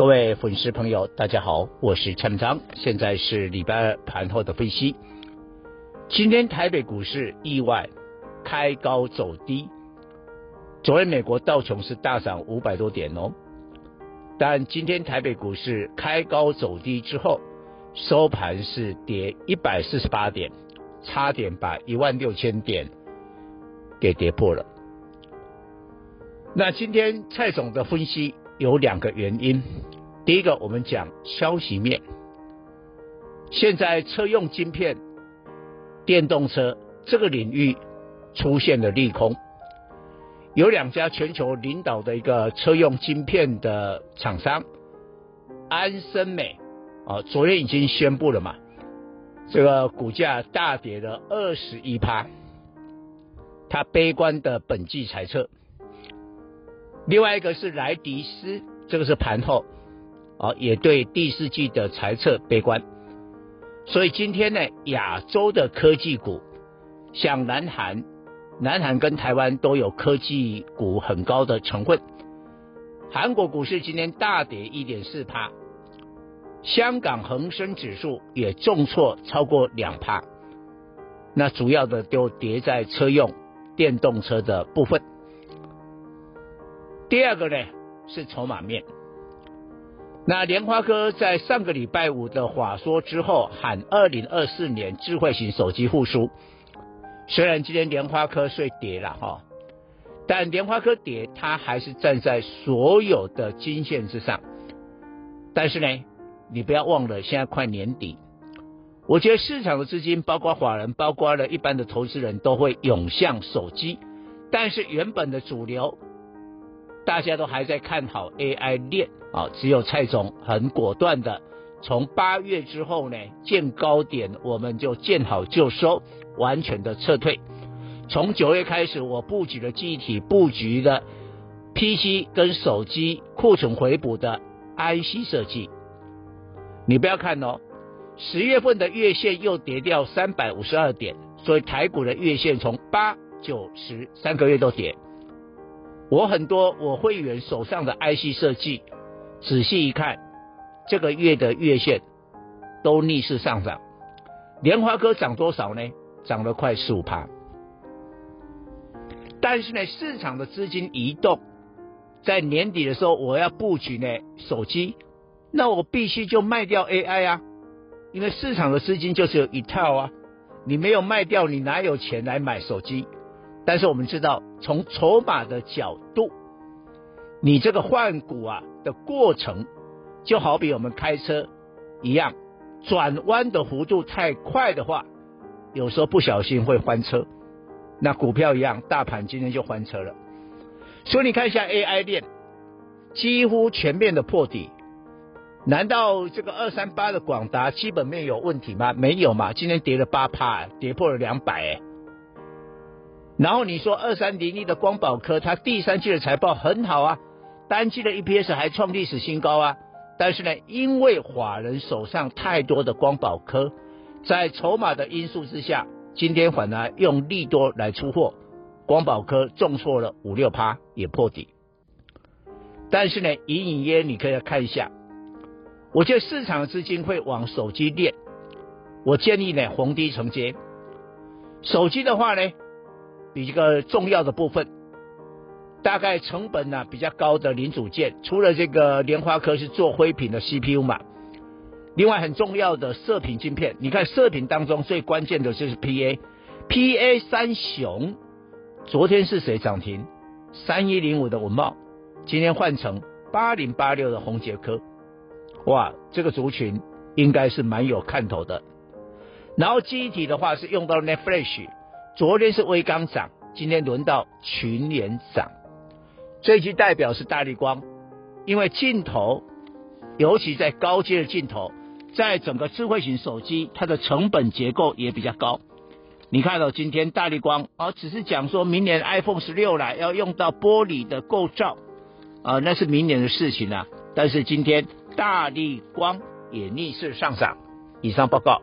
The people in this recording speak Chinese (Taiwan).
各位粉絲朋友，大家好，我是蔡明彰，現在是禮拜二盤後的分析。今天台北股市意外開高走低，昨天美國道瓊斯大漲五百多點哦，但今天台北股市開高走低之後，收盤是跌一百四十八點，差點把一萬六千點給跌破了。那今天蔡總的分析。有兩個原因，第一個我們講消息面，現在車用晶片、電動車這個領域出現了利空，有兩家全球領導的一個車用晶片的廠商，安森美，啊，昨天已經宣佈了嘛，這個股價大跌了二十一趴，他悲觀的本季猜測。另外一個是萊迪斯，這個是盤後，啊、哦，也對第四季的財測悲觀。所以今天呢，亞洲的科技股，像南韓、南韓跟台灣都有科技股很高的成分。韓國股市今天大跌一點四趴，香港恆生指數也重挫超過兩帕，那主要的都跌在車用電動車的部分。第二個呢是籌碼面，那聯發科在上個禮拜五的法說之後喊，二零二四年智慧型手機復甦，雖然今天聯發科碎跌了哈，但聯發科跌它還是站在所有的均線之上，但是呢，你不要忘了現在快年底，我覺得市場的資金包括法人、包括了一般的投資人都會湧向手機，但是原本的主流。大家都還在看好 AI 鏈啊、哦，只有蔡總很果斷的，從八月之後呢，見高點我們就見好就收，完全的撤退。從九月開始我布局了記憶體布局的 PC 跟手機庫存回補的 IC 設計。你不要看哦，十月份的月線又跌掉三百五十二點，所以台股的月線從八九十三個月都跌。我很多我會員手上的 IC 設計，仔細一看，這個月的月線都逆勢上漲。聯發科漲多少呢？漲了快十五趴。但是呢，市場的資金移動，在年底的時候，我要布局呢手機，那我必須就賣掉 AI 啊，因為市場的資金就只有一套啊，你沒有賣掉，你哪有錢來買手機？但是我們知道，從籌碼的角度，你這個換股啊的過程，就好比我們開車一樣，轉彎的弧度太快的話，有時候不小心會翻車。那股票一樣，大盤今天就翻車了。所以你看一下 AI 鏈，幾乎全面的破底。難道這個二三八的廣達基本面有問題嗎？沒有嘛，今天跌了八趴，欸，跌破了兩百，欸。然後你說二三零一的光寶科，它第三季的財報很好啊，單季的 EPS 還創歷史新高啊。但是呢，因為法人手上太多的光寶科，在籌碼的因素之下，今天反而用利多來出貨，光寶科重挫了五六趴，也破底。但是呢，隱隱約你可以看一下，我覺得市場資金會往手機鏈，我建議呢逢低承接手機的話呢。比一個重要的部分，大概成本呢、啊、比較高的零組件，除了這個蓮花科是做灰品的 CPU 嘛，另外很重要的射頻晶片，你看射頻當中最關鍵的就是 PA，PA PA 三雄，昨天是誰漲停？三一零五的文茂，今天換成八零八六的宏捷科，哇，這個族群應該是蠻有看頭的。然後記憶體的話是用到 NAND Flash 昨天是微剛漲，今天輪到群聯漲。最具代表是大立光，因為鏡頭，尤其在高階的鏡頭，在整個智慧型手機，它的成本結構也比較高。你看到、喔、今天大立光，啊，只是講說明年 iPhone 十六啦要用到玻璃的構造，啊，那是明年的事情啊。但是今天大立光也逆勢上漲。以上報告。